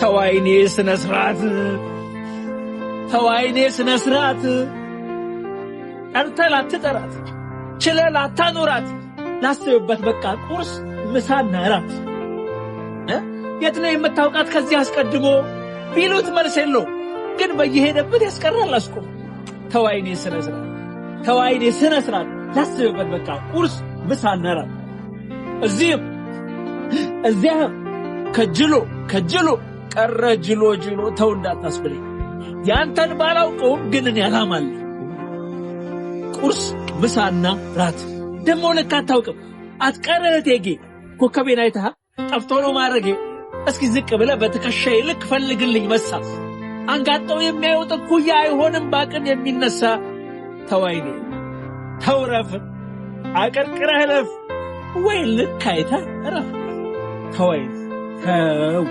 ተዋይኔ ስነ ስርዓት ተዋይኔ ስነ ስርዓት ጠርተህ ላትጠራት ችለህ ላታኖራት ላስተዩበት በቃ ቁርስ ምሳና እራት የት ነው የምታውቃት ከዚህ አስቀድሞ ቢሉት መልስ የለው ግን በየሄደበት ያስቀራል አስቆም ተዋይኔ ስነ ስርዓት ተዋይኔ ስነ ስርዓት ላስተዩበት በቃ ቁርስ ምሳና እራት እዚህም እዚያም ከጅሎ ከጅሎ ቀረ ጅሎ ጅሎ ተው እንዳታስብለኝ። ያንተን ባላውቀውም ግን እኔ አላማለ ቁርስ ምሳና ራት ደግሞ ልክ አታውቅም። አትቀርህ ቴጌ ኮከቤን አይተሃ ጠፍቶ ነው ማድረጌ። እስኪ ዝቅ ብለ በትከሻዬ ልክ ፈልግልኝ መሳ አንጋጠው የሚያዩት እኩያ አይሆንም ባቅን የሚነሳ ተዋይኔ ተውረፍ አቀርቅረህ እለፍ ወይ ልክ አይተህ እረፍ ተው